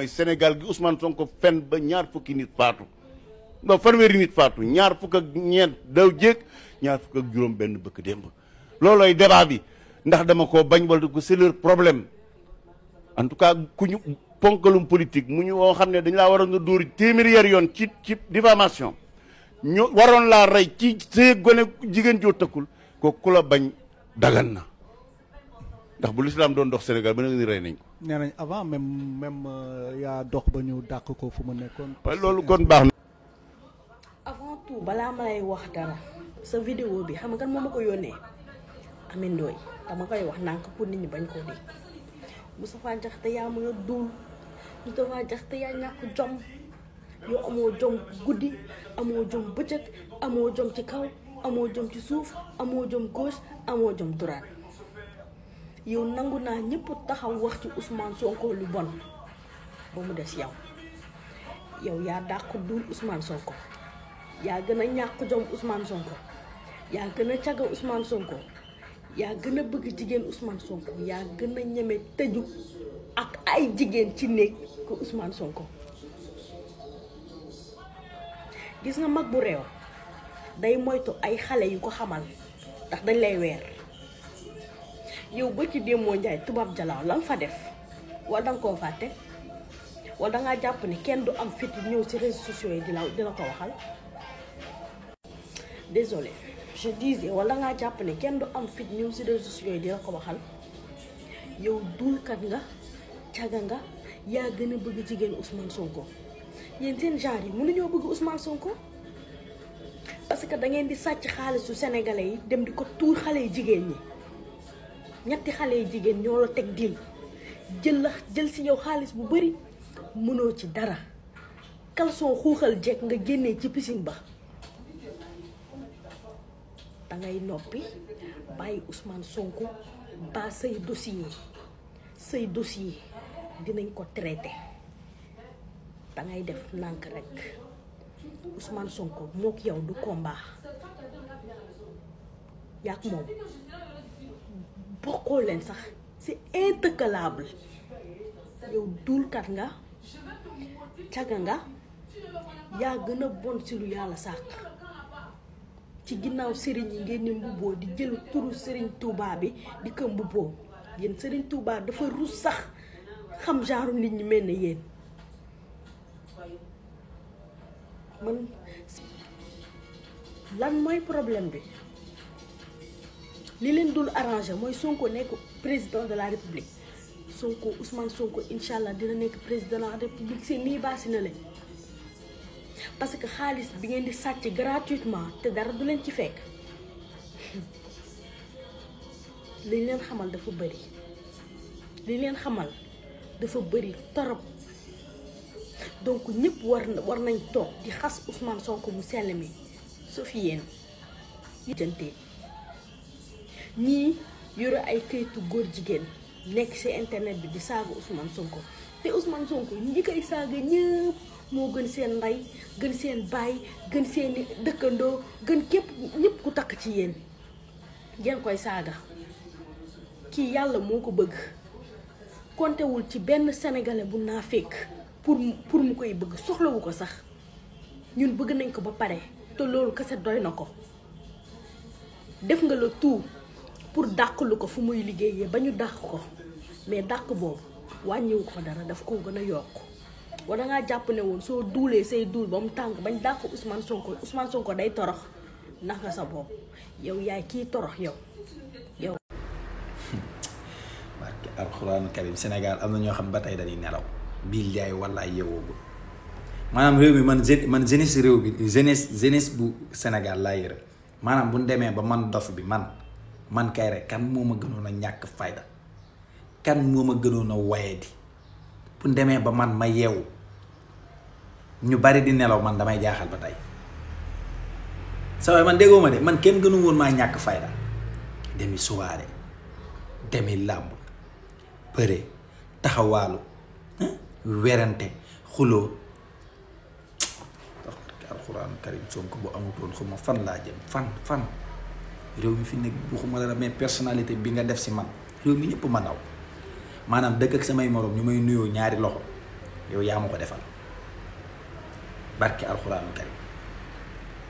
mooy Sénégal gi Ousmane Sonko fen ba ñaar fukki nit faatu ba fanweeri nit faatu ñaar fukk ak ñeent ñaar fukk ak juróom benn bëkk démb loolooy débat bi ndax dama ko bañ wala ko c'est problème en tout cas ku ñu ponkalum politique mu ñu woo xam ne dañ laa waroon nga dóor téeméeri yar yoon ci ci diffamation ñu waroon laa rey ci sëy gone jigéen joo tëkkul ko ku bañ dagan na ndax bu lislaam doon dox Sénégal ba nga ni rey nañ ko nee nañ avant même même euh, yaa dox ba ñu dàq ko fu ma nekkoon. loolu kon baax na. avant tout balaa may wax dara sa vidéo bi xam nga kan moo ma ko yónnee Amine Ndoye dama koy wax nànk pour nit ñi bañ koo dégg Moustapha Diakhaté yaa mën a duul Moustapha Diakhaté yaa ñàkk jom yow amoo jom guddi amoo jom bëccëg amoo jom ci kaw amoo jom ci suuf amoo jom gauche amoo jom droite. yow nangu naa ñëpp taxaw wax ci usmaan Sonko lu bon ba mu des yow yow yaa dàq duul usmaan Sonko yaa gën a ñàkk jom usmaan Sonko yaa gën a caga Ousmane Sonko yaa gën bëgg jigéen Ousmane Sonko yaa gën a ñeme tëju ak ay jigéen ci néeg ko Sonko gis nga mag bu réew day moytu ay xale yu ko xamal ndax dañ lay weer yow ba ci démmoo njaay tubaab jalaaw la nga fa def wala danga koo fàtte wala dangaa jàpp ni kenn du am fit ñëw ci réseaux yi di la di la ko waxal désolé je disais wala dangaa jàpp ni kenn du am fit ñëw ci réseaux sociaux yi di la ko waxal yow duulkat nga caga nga yaa gën a bëgg jigéen Ousmane Sonko yéen seen genre yi mënuñoo bëgg Ousmane Sonko parce que da ngeen di sàcc xaalisu sénégalais yi dem di ko tuur xale yi jigéen ñi ñetti xale yu jigéen ñoo la teg diil jël la jël si yow xaalis bu bari mënoo ci dara caleçon xuuxal jekk nga génnee ci piscine ba dangay noppi bàyyi Ousmane Sonko ba sëy dossier say dossier dinañ ko traité dangay def nànk rek Ousmane Sonko mook yow du combat yaak moom bokkoo leen sax c'est intëkkalable yow duulkat nga caga nga yaa gën a bon ci lu yàlla sàkk ci ginnaaw sëriñ yi ngeen di mbubboo di jël turu sëriñ Touba bi di ko mbubboo yéen sëriñ Touba dafa rus sax xam genre nit ñi mel ne yéen man lan mooy problème bi li leen dul arrangé mooy Sonko nekk président de la république Sonko usman Sonko incha allah dina nekk président de la république seen lii baasi na leen parce que xaalis bi ngeen di sàcc gratuitement te dara du leen ci fekk liñ leen xamal dafa bëri liñ leen xamal dafa bëri torop donc ñëpp war na war nañ toog di xas Ousmane Sonko bu sell mi su fi yéen jëntee ñii yore ay kayitu góor jigéen nekk ci internet bi di saaga Ousmane Sonko te Ousmane Sonko ñi koy saaga ñëpp moo gën seen ndey gën seen baay gën seen dëkkandoo gën képp ñépp ku takk ci yéen ngeen koy saaga kii yàlla moo ko bëgg kontewul ci benn sénégalais bu naa fekk pour pour mu koy bëgg soxlawu ko sax ñun bëgg nañ ko ba pare te loolu kese doy na ko def nga la tout pour dàqlu ko fu muy liggéeyee ba ñu dàq ko mais dàq boobu wàññiwu ko dara daf ko gën a yokk wala ngaa jàpp ne woon soo duulee say duul ba mu tàng bañ dàq Ousmane Sonko Ousmane Sonko day torox nax nga sa bopp yow yaay kii torox yow yow. barke alxuraanu am na ñoo xam ba tey dañuy nelaw. billaay wallaay yeewoogu maanaam réew mi man man jeunesse réew bi jeunesse jeunesse bu Sénégal laa yëre maanaam bu ñu demee ba man dof bi man. man kay rek kan moo ma gënoon a ñàkk fayda kan moo ma gënoon a wayadi bu demee ba man ma yeewu ñu bari di nelaw man damay jaaxal ba tey sa ma de man kenn gënu woon maa ñàkk fayda demi soirée demi làmb bëre taxawaalu werante xuloo alxuraan karim Sonko bu amutoon xuma fan laa jëm fan fan réew mi fi nekk waxuma dara mais personnalité bi nga def si man réew mi ñëpp ma daw maanaam dëkk ak samay moroom ñu may nuyoo ñaari loxo yow yaa ma ko defal barki alxuraanu karim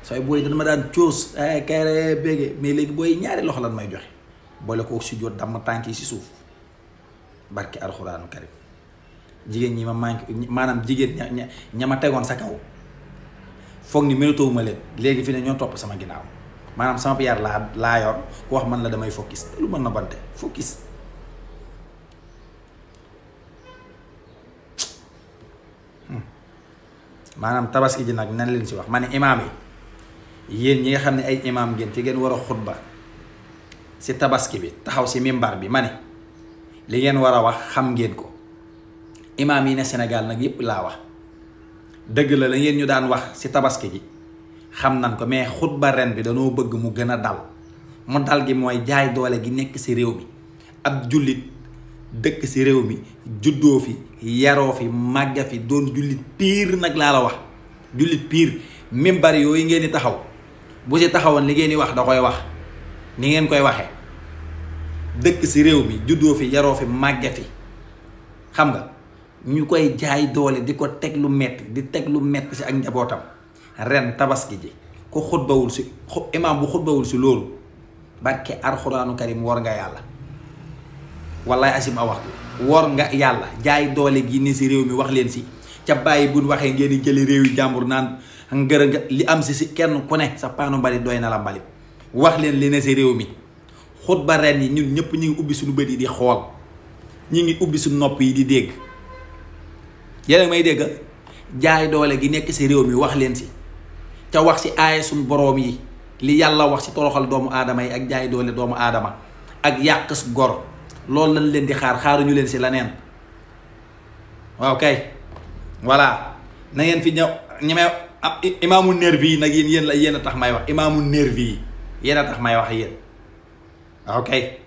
sooy booy dana coos eh, kay mais léegi booy ñaari loxo lan may joxe boole ko si jot dama tànk yi si suuf barki alxuraanu karim jigéen ñi ma manqué maanaam jigéen ña ña ma tegoon sa kaw foog ni méritowuma leen léegi fi ne ñoo topp sama ginnaaw maanaam sama pierre laa laa yor ku wax man la damay focus lu mën na bante focus hmm. maanaam tabaski ji nag nan leen si wax ma ne imaam yi yéen ñi nga xam ne ay imaam ngeen ci ngeen war a xutba si tabaski bi taxaw si mimbar bi ma ne li ngeen war a wax xam ngeen ko imaam yi ne senegal nag yépp laa wax dëgg la la ngeen ñu daan wax si tabaski ji xam nañ ko mais xutba ren bi danoo bëgg mu gën a dal mu dal gi mooy jaay doole gi nekk ci réew mi ab jullit dëkk ci réew mi juddoo fi yaroo fi màgga fi doon jullit nag laa la wax jullit piir mimbar yooyu ngeen di taxaw bu ci taxawoon li ngeen di wax da koy wax ni ngeen koy waxee dëkk ci réew mi juddoo fi yaroo fi màgga fi xam nga ñu koy jaay doole di ko teg lu metti di teg lu mett ci ak njabootam ren tabaski ji ku xutbawul si imaam bu xutbawul si loolu barke arxuraanu karim war nga yàlla wallaay asim a wax nga yàlla jaay doole gi ni réew mi wax leen si ca bàyyi buñ waxee ngeen di jëli réew jàmbur naan ngër li am si si kenn ku ne sa paanu mbalit doy na la wax leen li si réew mi xutba ren yi ñun ñëpp ñu ngi ubbi suñu bët yi di xool ñu ngi ubbi suñu nopp yi di dégg yéen may dégg jaay doole gi nekk si réew mi wax leen si ca wax ci aaye boroom yi li yàlla wax si toroxal doomu aadama yi ak jaay doole doomu aadama ak yàq su gor loolu lañ leen di xaar xaaruñu leen si leneen waaw kay voilà na ngeen fi ñëw ñemee ah, imaamu nervi yi nag yéen yen yéen a tax may wax imaamu nervi yi yéen a tax may wax yéen waaw